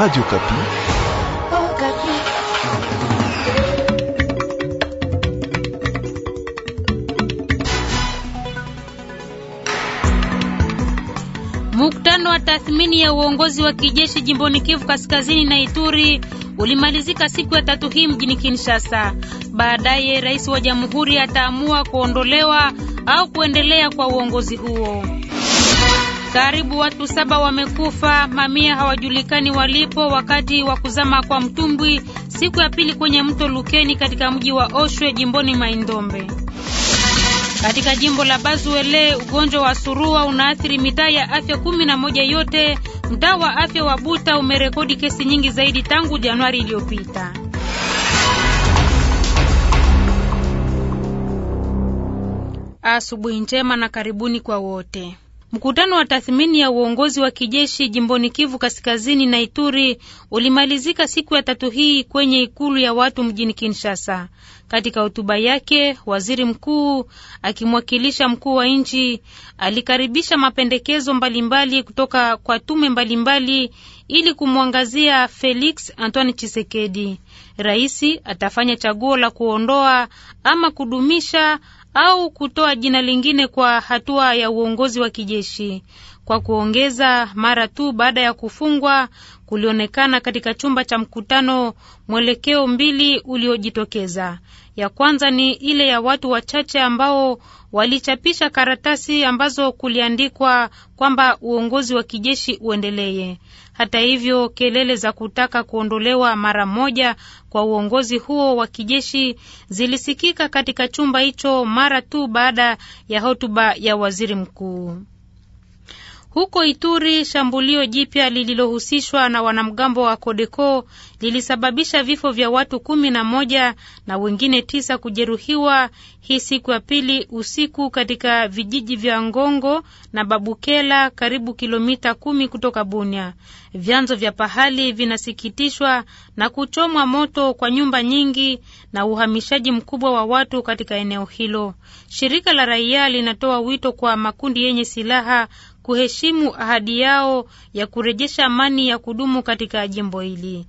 Radio Kapi. Oh, Kapi. Mkutano wa tathmini ya uongozi wa kijeshi jimboni Kivu Kaskazini na Ituri ulimalizika siku ya tatu hii mjini Kinshasa. Baadaye rais wa jamhuri ataamua kuondolewa au kuendelea kwa uongozi huo. Karibu watu saba wamekufa, mamia hawajulikani walipo wakati wa kuzama kwa mtumbwi siku ya pili kwenye mto Lukeni katika mji wa Oshwe jimboni Maindombe. Katika jimbo la Bazuele ugonjwa wa surua unaathiri mitaa ya afya kumi na moja yote. Mtaa wa afya wa Buta umerekodi kesi nyingi zaidi tangu Januari iliyopita. Asubuhi njema na karibuni kwa wote. Mkutano wa tathmini ya uongozi wa kijeshi jimboni Kivu Kaskazini na Ituri ulimalizika siku ya tatu hii kwenye ikulu ya watu mjini Kinshasa. Katika hotuba yake, waziri mkuu akimwakilisha mkuu wa nchi alikaribisha mapendekezo mbalimbali kutoka kwa tume mbalimbali ili kumwangazia Felix Antoine Chisekedi. rais atafanya chaguo la kuondoa ama kudumisha au kutoa jina lingine kwa hatua ya uongozi wa kijeshi. Kwa kuongeza, mara tu baada ya kufungwa kulionekana katika chumba cha mkutano mwelekeo mbili uliojitokeza. Ya kwanza ni ile ya watu wachache ambao walichapisha karatasi ambazo kuliandikwa kwamba uongozi wa kijeshi uendeleye hata hivyo, kelele za kutaka kuondolewa mara moja kwa uongozi huo wa kijeshi zilisikika katika chumba hicho mara tu baada ya hotuba ya waziri mkuu. Huko Ituri, shambulio jipya lililohusishwa na wanamgambo wa Kodeko lilisababisha vifo vya watu kumi na moja na wengine tisa kujeruhiwa hii siku ya pili usiku katika vijiji vya Ngongo na Babukela, karibu kilomita kumi kutoka Bunia. Vyanzo vya pahali vinasikitishwa na kuchomwa moto kwa nyumba nyingi na uhamishaji mkubwa wa watu katika eneo hilo. Shirika la raia linatoa wito kwa makundi yenye silaha kuheshimu ahadi yao ya kurejesha amani ya kudumu katika jimbo hili.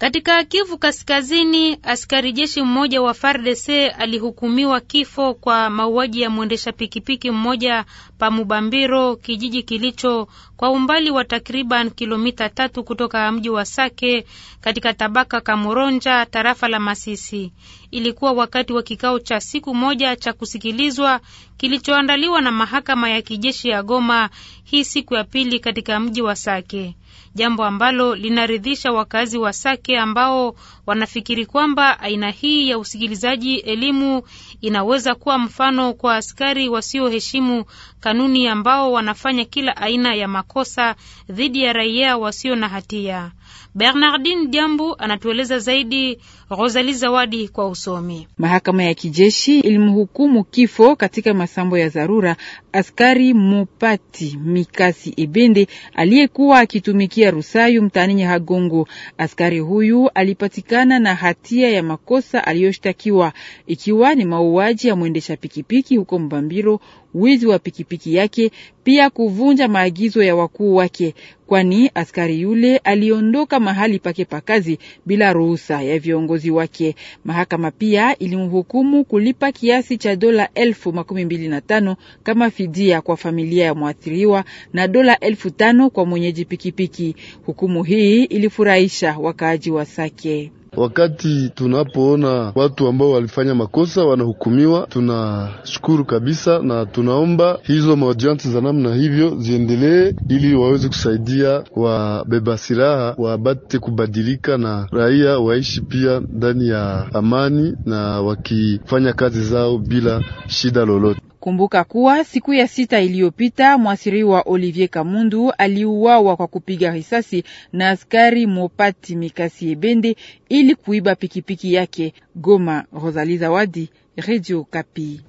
Katika Kivu Kaskazini, askari jeshi mmoja wa FARDC alihukumiwa kifo kwa mauaji ya mwendesha pikipiki mmoja pa Mubambiro, kijiji kilicho kwa umbali wa takriban kilomita tatu kutoka mji wa Sake katika tabaka kamoronja tarafa la Masisi. Ilikuwa wakati wa kikao cha siku moja cha kusikilizwa kilichoandaliwa na mahakama ya kijeshi ya Goma hii siku ya pili katika mji wa Sake jambo ambalo linaridhisha wakazi wa Sake ambao wanafikiri kwamba aina hii ya usikilizaji elimu inaweza kuwa mfano kwa askari wasioheshimu kanuni ambao wanafanya kila aina ya makosa dhidi ya raia wasio na hatia. bernardin Jambu anatueleza zaidi. Rosali Zawadi kwa usomi. Mahakama ya kijeshi ilimhukumu kifo katika masambo ya dharura askari Mopati Mikasi Ebende aliyekuwa akitumikia Rusayu mtaani Nyahagongo. Askari huyu alipatikana kulingana na hatia ya makosa aliyoshtakiwa, ikiwa ni mauaji ya mwendesha pikipiki huko Mbambiro, wizi wa pikipiki yake, pia kuvunja maagizo ya wakuu wake, kwani askari yule aliondoka mahali pake pa kazi bila ruhusa ya viongozi wake. Mahakama pia ilimhukumu kulipa kiasi cha dola elfu makumi mbili na tano kama fidia kwa familia ya mwathiriwa na dola elfu tano kwa mwenyeji pikipiki. Hukumu hii ilifurahisha wakaaji wa Sake. Wakati tunapoona watu ambao walifanya makosa wanahukumiwa, tunashukuru kabisa, na tunaomba hizo maojansi za namna hivyo ziendelee ili waweze kusaidia wabeba silaha wabate kubadilika, na raia waishi pia ndani ya amani na wakifanya kazi zao bila shida lolote. Kumbuka kuwa siku ya sita iliyopita mwasiriwa Olivier Kamundu aliuawa kwa kupiga risasi na askari Mopati Mikasi Ebende ili kuiba pikipiki yake. Goma, rosali Zawadi, Radio Kapi.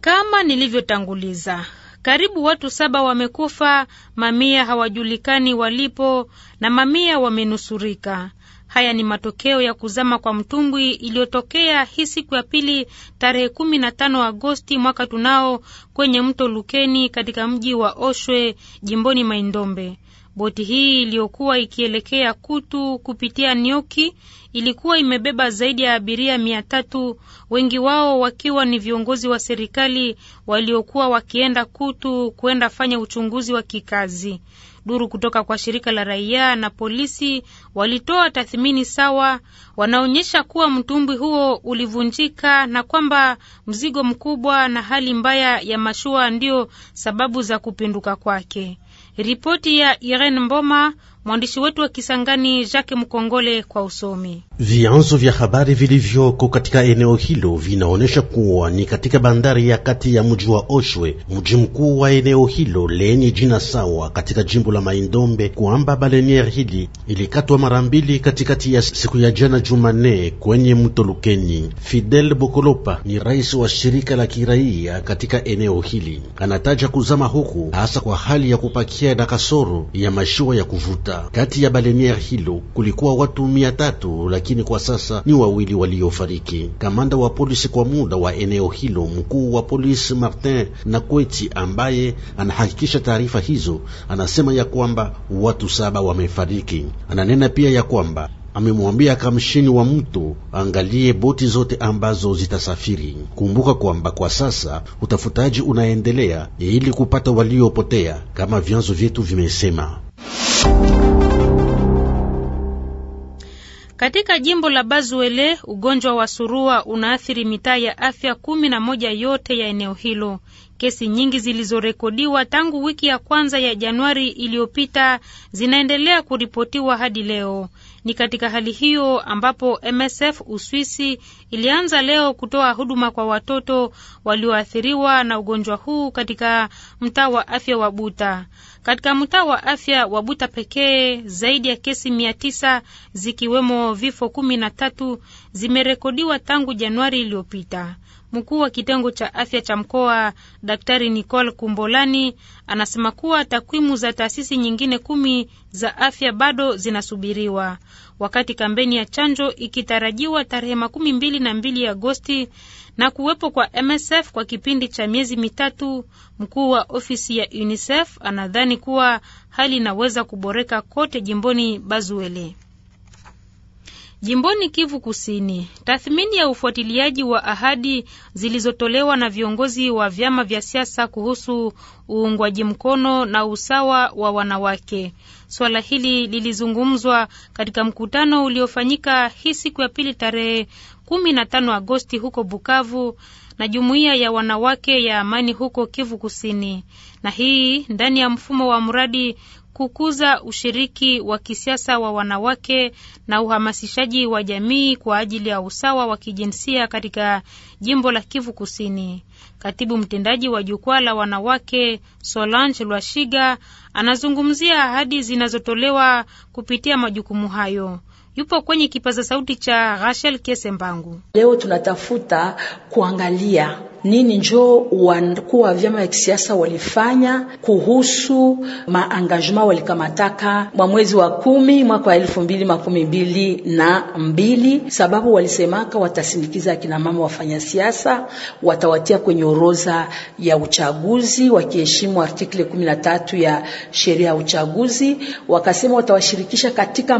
Kama nilivyotanguliza, karibu watu saba wamekufa, mamia hawajulikani walipo na mamia wamenusurika. Haya ni matokeo ya kuzama kwa mtumbwi iliyotokea hii siku ya pili tarehe 15 Agosti mwaka tunao kwenye mto Lukeni katika mji wa Oshwe jimboni Maindombe. Boti hii iliyokuwa ikielekea Kutu kupitia Nioki ilikuwa imebeba zaidi ya abiria mia tatu, wengi wao wakiwa ni viongozi wa serikali waliokuwa wakienda Kutu kwenda fanya uchunguzi wa kikazi. Duru kutoka kwa shirika la raia na polisi walitoa tathmini sawa, wanaonyesha kuwa mtumbwi huo ulivunjika na kwamba mzigo mkubwa na hali mbaya ya mashua ndiyo sababu za kupinduka kwake. Ripoti ya Irene Mboma Mwandishi wetu wa Kisangani Jacques Mkongole kwa usomi. Vyanzo vya habari vilivyoko katika eneo hilo vinaonyesha kuwa ni katika bandari ya kati ya mji wa Oshwe, mji mkuu wa eneo hilo lenye jina sawa katika jimbo la Maindombe, kwamba balenier hili ilikatwa mara mbili katikati ya siku ya jana Jumanne kwenye mto Lukeni. Fidel Bokolopa ni rais wa shirika la kiraia katika eneo hili, anataja kuzama huku hasa kwa hali ya kupakia na kasoro ya mashua ya kuvuta Kinshasa. Kati ya balenier hilo kulikuwa watu mia tatu, lakini kwa sasa ni wawili waliofariki. Kamanda wa polisi kwa muda wa eneo hilo, mkuu wa polisi Martin Nakweti, ambaye anahakikisha taarifa hizo, anasema ya kwamba watu saba wamefariki. Ananena pia ya kwamba amemwambia kamshini wa mto angalie boti zote ambazo zitasafiri. Kumbuka kwamba kwa sasa utafutaji unaendelea ili kupata waliopotea kama vyanzo vyetu vimesema. Katika jimbo la Bazuele ugonjwa wa surua unaathiri mitaa ya afya kumi na moja yote ya eneo hilo. Kesi nyingi zilizorekodiwa tangu wiki ya kwanza ya Januari iliyopita zinaendelea kuripotiwa hadi leo. Ni katika hali hiyo ambapo MSF Uswisi ilianza leo kutoa huduma kwa watoto walioathiriwa na ugonjwa huu katika mtaa wa afya wa Buta. Katika mtaa wa afya wa Buta pekee zaidi ya kesi mia tisa zikiwemo vifo kumi na tatu zimerekodiwa tangu Januari iliyopita. Mkuu wa kitengo cha afya cha mkoa Daktari Nicole Kumbolani anasema kuwa takwimu za taasisi nyingine kumi za afya bado zinasubiriwa. Wakati kampeni ya chanjo ikitarajiwa tarehe makumi mbili na mbili Agosti na kuwepo kwa MSF kwa kipindi cha miezi mitatu, mkuu wa ofisi ya UNICEF anadhani kuwa hali inaweza kuboreka kote jimboni Bazuele. Jimboni Kivu Kusini, tathmini ya ufuatiliaji wa ahadi zilizotolewa na viongozi wa vyama vya siasa kuhusu uungwaji mkono na usawa wa wanawake. Swala hili lilizungumzwa katika mkutano uliofanyika hii siku ya pili tarehe 15 Agosti huko Bukavu na jumuiya ya wanawake ya amani huko Kivu Kusini, na hii ndani ya mfumo wa mradi kukuza ushiriki wa kisiasa wa wanawake na uhamasishaji wa jamii kwa ajili ya usawa wa kijinsia katika jimbo la Kivu Kusini. Katibu mtendaji wa jukwaa la wanawake Solange Lwashiga anazungumzia ahadi zinazotolewa kupitia majukumu hayo. Yupo kwenye kipaza sauti cha Rachel Kesembangu. Leo tunatafuta kuangalia nini njo wakuu wa vyama vya kisiasa walifanya kuhusu maangajema walikamataka mwa mwezi wa kumi mwaka wa elfu mbili makumi mbili na mbili sababu walisemaka watasindikiza akina mama wafanya siasa, watawatia kwenye orodha ya uchaguzi wakiheshimu artikle 13 ya sheria ya uchaguzi. Wakasema watawashirikisha katika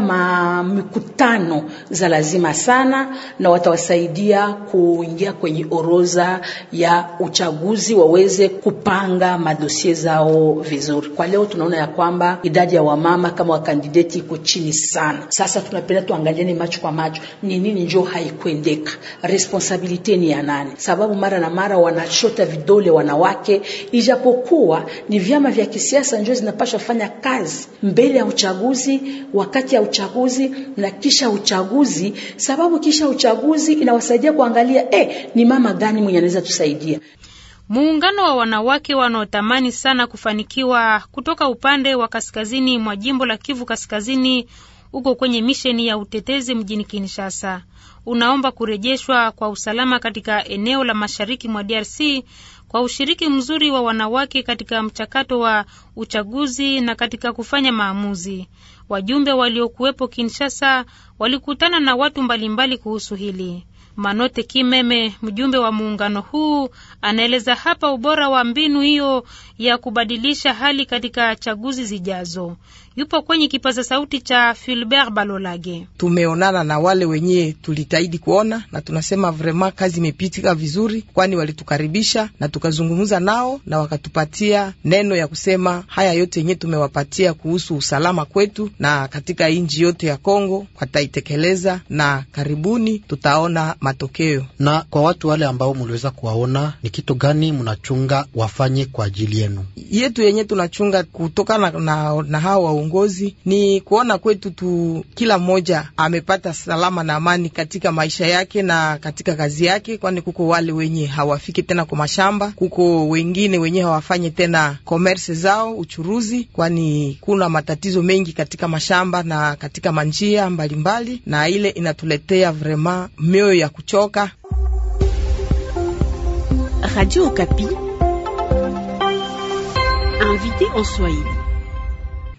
mikutano za lazima sana na watawasaidia kuingia kwenye orodha ya uchaguzi waweze kupanga madosie zao vizuri. Kwa leo tunaona ya kwamba idadi ya wamama kama wakandideti iko chini sana. Sasa tunapenda tuangaliane macho kwa macho, ni nini njo haikwendeka, responsabilite ni ya nani? Sababu mara na mara wanashota vidole wanawake, ijapokuwa ni vyama vya kisiasa njo zinapashwa fanya kazi mbele ya uchaguzi, wakati ya uchaguzi na kisha uchaguzi, sababu kisha uchaguzi inawasaidia kuangalia eh, ni mama gani mwenye anaweza tusaidia kusaidia. Muungano wa wanawake wanaotamani sana kufanikiwa kutoka upande wa kaskazini mwa jimbo la Kivu Kaskazini uko kwenye misheni ya utetezi mjini Kinshasa. Unaomba kurejeshwa kwa usalama katika eneo la mashariki mwa DRC kwa ushiriki mzuri wa wanawake katika mchakato wa uchaguzi na katika kufanya maamuzi. Wajumbe waliokuwepo Kinshasa walikutana na watu mbalimbali kuhusu hili. Manote Kimeme, mjumbe wa muungano huu, anaeleza hapa ubora wa mbinu hiyo ya kubadilisha hali katika chaguzi zijazo. Yupo kwenye kipaza sauti cha Fulbert Balolage. Tumeonana na wale wenye tulitahidi kuona, na tunasema vraiment kazi imepitika vizuri, kwani walitukaribisha na tukazungumza nao na wakatupatia neno ya kusema haya yote yenye tumewapatia kuhusu usalama kwetu na katika nchi yote ya Kongo wataitekeleza, na karibuni tutaona matokeo. Na kwa watu wale ambao muliweza kuwaona, ni kitu gani mnachunga wafanye kwa ajili yenu? Yetu yenye tunachunga kutokana na, na, na hawa waongozi ni kuona kwetu tu kila mmoja amepata salama na amani katika maisha yake na katika kazi yake, kwani kuko wale wenye hawafiki tena kwa mashamba, kuko wengine wenye hawafanye tena komerse zao uchuruzi, kwani kuna matatizo mengi katika mashamba na katika manjia mbalimbali mbali, na ile inatuletea vrema mioyo ya kuchoka. Radio Okapi. Invité en Swahili.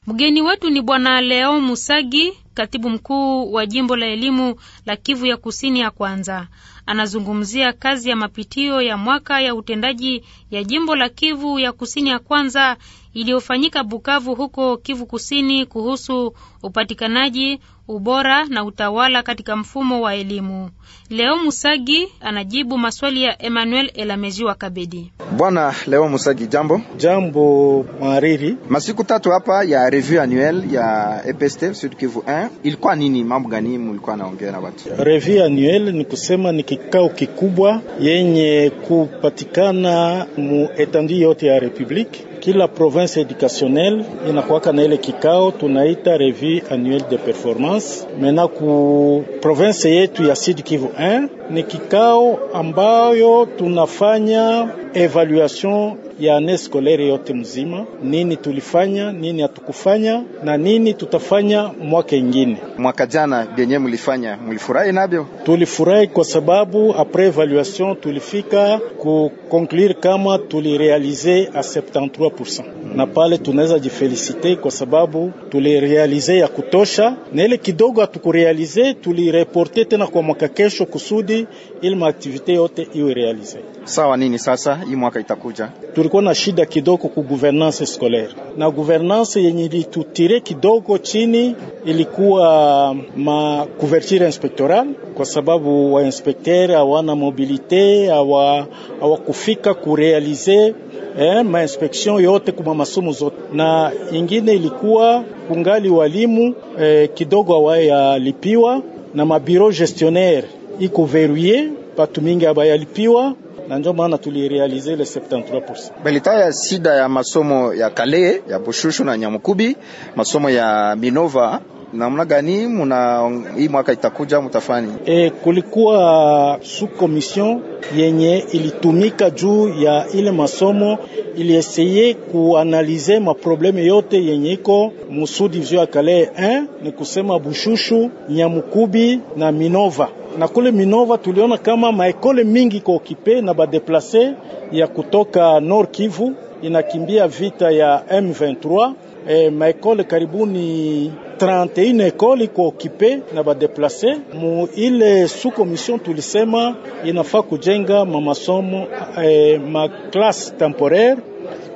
Mgeni wetu ni Bwana Leo Musagi, katibu mkuu wa jimbo la elimu la Kivu ya Kusini ya kwanza anazungumzia kazi ya mapitio ya mwaka ya utendaji ya jimbo la Kivu ya Kusini ya kwanza iliyofanyika Bukavu huko Kivu Kusini kuhusu upatikanaji, ubora na utawala katika mfumo wa elimu. Leo Musagi anajibu maswali ya Emmanuel Elamezi wa Kabedi. Bwana Leo Musagi, jambo. Jambo mhariri. Masiku tatu hapa ya revue annuelle ya EPST Sud Kivu 1 ilikuwa nini? Mambo gani mlikuwa naongea na watu? Revue annuelle ni kusema ni kikao kikubwa yenye kupatikana mu etandi yote ya republiki kila province educationnelle inakuwaka na ile kikao tunaita revue annuelle de performance. Mena ku province yetu ya Sud Kivu 1 ni kikao ambayo tunafanya evaluation ya ane scolaire yote mzima, nini tulifanya, nini hatukufanya na nini tutafanya mwaka ingine. Mwaka jana benye mlifanya mulifurahi navyo Tulifurahi kwa sababu apres evaluation tulifika ku conclure kama tulirealize a 73 100%, na pale tunaweza jifelisite kwa sababu tulirealize ya kutosha, na ile kidogo hatukurealize tulireporte tena kwa mwaka kesho, kusudi ili maaktivite yote iwe realize sawa. Nini sasa, hii mwaka itakuja, tulikuwa na shida kidogo ku governance scolaire na governance yenye litutire kidogo chini ilikuwa um, ma couverture inspectorale, kwa sababu inspecteur hawana mobilite hawakufika kurealize eh, mainspeksion yote kuma masomo zote, na ingine ilikuwa kungali walimu eh, kidogo awayalipiwa na mabiro gestionnaire iko veruye batu mingi abayalipiwa na ndio maana tulirealize le 73%. Balita ya sida ya masomo ya Kale ya Bushushu na Nyamukubi, masomo ya Minova namna gani muna hii mwaka itakuja mutafani? E, kulikuwa su komision yenye ilitumika juu ya ile masomo, ilieseye kuanalize maprobleme yote yenye iko musudi vizio ya kale 1 ni kusema Bushushu, Nyamukubi na Minova na kule Minova tuliona kama maekole mingi ko okipe na badeplase ya kutoka Nord Kivu inakimbia vita ya M23 eh, maekole karibuni 31 ekole iko okipe na badeplase mu ile sukomission. Tulisema inafaa kujenga mamasomo ma maklase eh, temporaire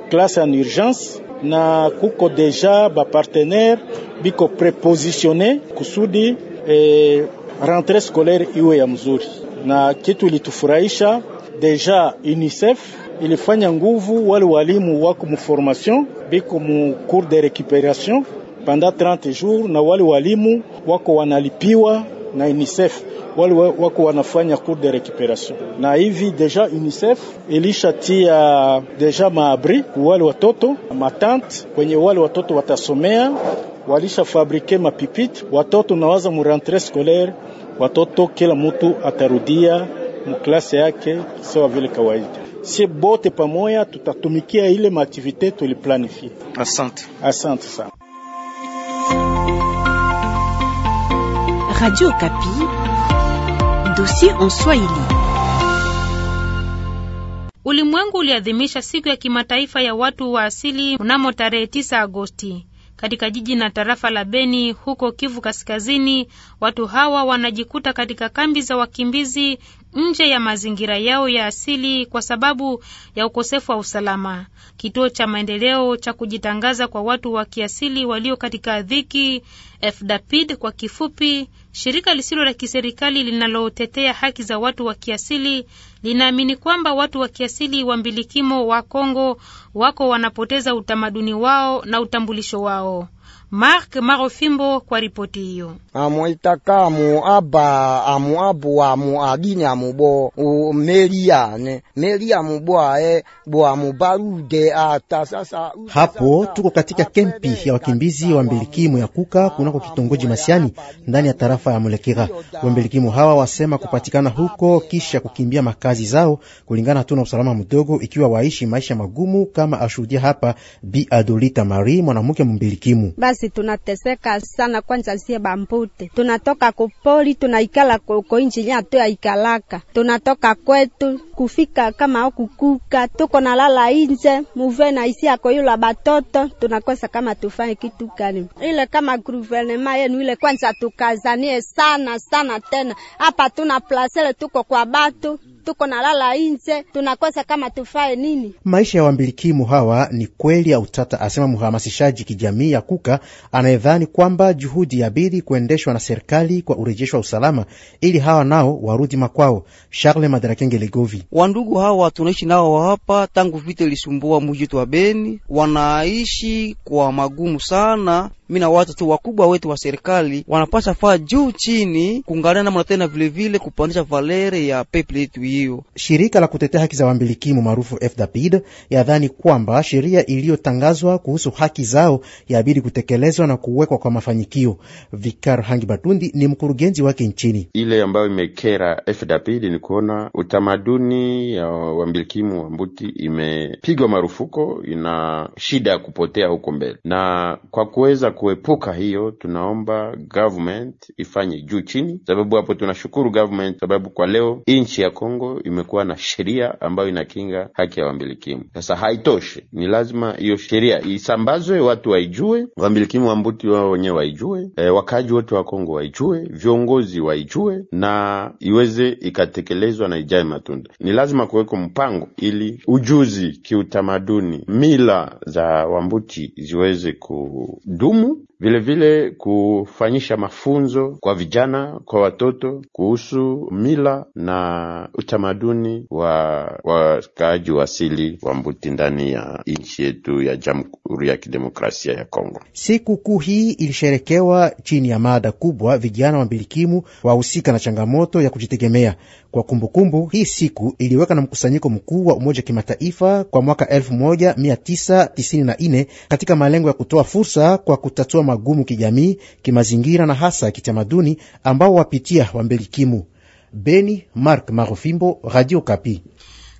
classe en urgence na kuko deja bapartenere biko prepositione kusudi eh, rentre scolaire iwe ya mzuri, na kitu ilitufurahisha deja UNICEF ilifanya nguvu wale walimu wako mu formation biko mu cours de récupération pendant 30 jours, na wale walimu wako wanalipiwa na UNICEF wale wako wanafanya cours de récupération, na hivi deja UNICEF ilishatia deja maabri wale watoto matante kwenye wale watoto watasomea, walisha fabrike mapipiti watoto nawaza mu rentrée scolaire, watoto kila mutu atarudia muklase yake sawa vile kawaida si bote pamoya tutatumikia ile maaktivite tuliplanifie. Asante, asante sana. Radio Kapi, dossier en Swahili. Ulimwengu uliadhimisha siku ya kimataifa ya watu wa asili mnamo tarehe 9 Agosti katika jiji na tarafa la Beni huko Kivu Kaskazini. Watu hawa wanajikuta katika kambi za wakimbizi nje ya mazingira yao ya asili kwa sababu ya ukosefu wa usalama. Kituo cha maendeleo cha kujitangaza kwa watu wa kiasili walio katika dhiki, FDAPID kwa kifupi, shirika lisilo la kiserikali linalotetea haki za watu wa kiasili, linaamini kwamba watu wa kiasili wa mbilikimo wa Kongo wako wanapoteza utamaduni wao na utambulisho wao. Mark Marofimbo kwa ripoti hiyo. amuitakamu muaba amuabu wa muagini amubo umeliane melia mubwae eh, bwamubarude ata sasa. Hapo tuko katika kempi ya wakimbizi wa mbilikimu ya Kuka kunako kitongoji Masiani ndani ya tarafa ya Mulekera. wambilikimu hawa wasema kupatikana huko kisha kukimbia makazi zao kulingana tu na usalama mdogo, ikiwa waishi maisha magumu kama ashuhudia hapa Bi Adolita Marie mwanamke mumbilikimu sisi tunateseka sana, kwanza sie bambute tunatoka kupoli tunaikala kuko inji ya tu tunatoka kwetu kufika kama okukuka, tuko nalala inje muve na isi yako yula batoto, tunakosa kama tufanye kitu gani ile kama guvernema yenu ile, kwanza tukazanie sana sana tena, hapa tuna plasele tuko kwa batu tuko nalala inje, tunakosa kama tufae nini. Maisha ya wambilikimu hawa ni kweli ya utata, asema mhamasishaji kijamii ya Kuka anayedhani kwamba juhudi ya bidi kuendeshwa na serikali kwa urejesho wa usalama ili hawa nao warudi makwao. Charles Madarakenge Legovi, wandugu hawa tunaishi nao hapa tangu vita ilisumbua mujitu wa Beni, wanaishi kwa magumu sana mina watu tu wakubwa wetu wa serikali wanapasha faa juu chini kuungana namna tena vilevile kupandisha valere ya peple yetu. Hiyo shirika la kutetea haki za wambilikimu maarufu FDAPID yadhani kwamba sheria iliyotangazwa kuhusu haki zao yabidi kutekelezwa na kuwekwa kwa mafanyikio. Vikar Hangi Batundi ni mkurugenzi wake nchini. Ile ambayo imekera FDAPID ni kuona utamaduni ya wambilikimu wa mbuti imepigwa marufuko, ina shida ya kupotea huko mbele na kwa kuweza kuepuka hiyo, tunaomba government ifanye juu chini, sababu hapo tunashukuru government, sababu kwa leo nchi ya Kongo imekuwa na sheria ambayo inakinga haki ya wambilikimu. Sasa haitoshi, ni lazima hiyo sheria isambazwe, watu waijue, wambilikimu wa mbuti wao wenyewe waijue, e, wakaaji wote wa Kongo waijue, viongozi waijue, na iweze ikatekelezwa na ijae matunda. Ni lazima kuweko mpango ili ujuzi, kiutamaduni, mila za wambuti ziweze kudumu não vilevile kufanyisha mafunzo kwa vijana, kwa watoto kuhusu mila na utamaduni wa wakaaji wa asili wa Mbuti ndani ya nchi yetu ya Jamhuri ya Kidemokrasia ya Kongo. kuu hii ilisherekewa chini ya mada kubwa, vijana wa mbilikimu wahusika na changamoto ya kujitegemea kwa kumbukumbu kumbu. Hii siku iliweka na mkusanyiko mkuu wa Umoja wa Kimataifa kwa mwaka 1994 katika malengo ya kutoa fursa kwa kutatua magumu kijamii, kimazingira na hasa kitamaduni ambao wapitia wambelikimu. Beni, Mark Marofimbo, Radio Kapi.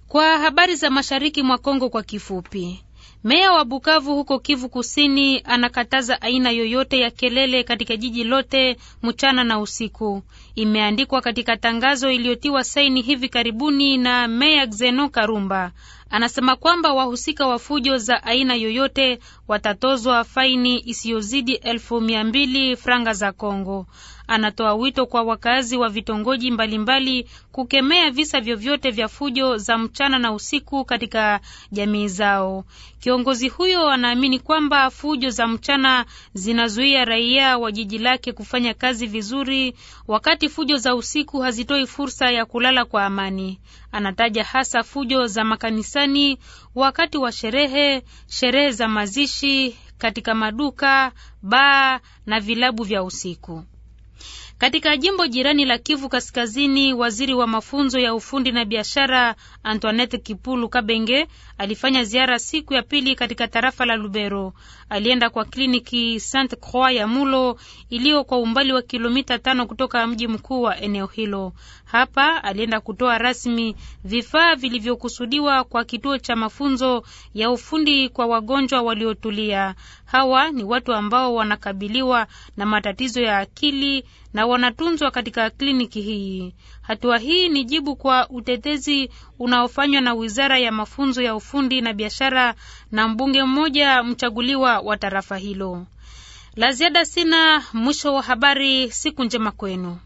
Kwa habari za mashariki mwa Kongo kwa kifupi. Meya wa Bukavu huko Kivu Kusini anakataza aina yoyote ya kelele katika jiji lote mchana na usiku. Imeandikwa katika tangazo iliyotiwa saini hivi karibuni na Meya Xeno Karumba. Anasema kwamba wahusika wa fujo za aina yoyote watatozwa faini isiyozidi elfu mia mbili franga za Kongo anatoa wito kwa wakazi wa vitongoji mbalimbali kukemea visa vyovyote vya fujo za mchana na usiku katika jamii zao. Kiongozi huyo anaamini kwamba fujo za mchana zinazuia raia wa jiji lake kufanya kazi vizuri, wakati fujo za usiku hazitoi fursa ya kulala kwa amani. Anataja hasa fujo za makanisani, wakati wa sherehe, sherehe za mazishi, katika maduka, baa na vilabu vya usiku. Katika jimbo jirani la Kivu Kaskazini, waziri wa mafunzo ya ufundi na biashara Antoinette Kipulu Kabenge alifanya ziara siku ya pili katika tarafa la Lubero. Alienda kwa kliniki Sainte Croix ya Mulo iliyo kwa umbali wa kilomita tano kutoka mji mkuu wa eneo hilo. Hapa alienda kutoa rasmi vifaa vilivyokusudiwa kwa kituo cha mafunzo ya ufundi kwa wagonjwa waliotulia. Hawa ni watu ambao wanakabiliwa na matatizo ya akili na wanatunzwa katika kliniki hii. Hatua hii ni jibu kwa utetezi unaofanywa na Wizara ya Mafunzo ya Ufundi na Biashara na mbunge mmoja mchaguliwa wa tarafa hilo. La ziada sina. Mwisho wa habari. Siku njema kwenu.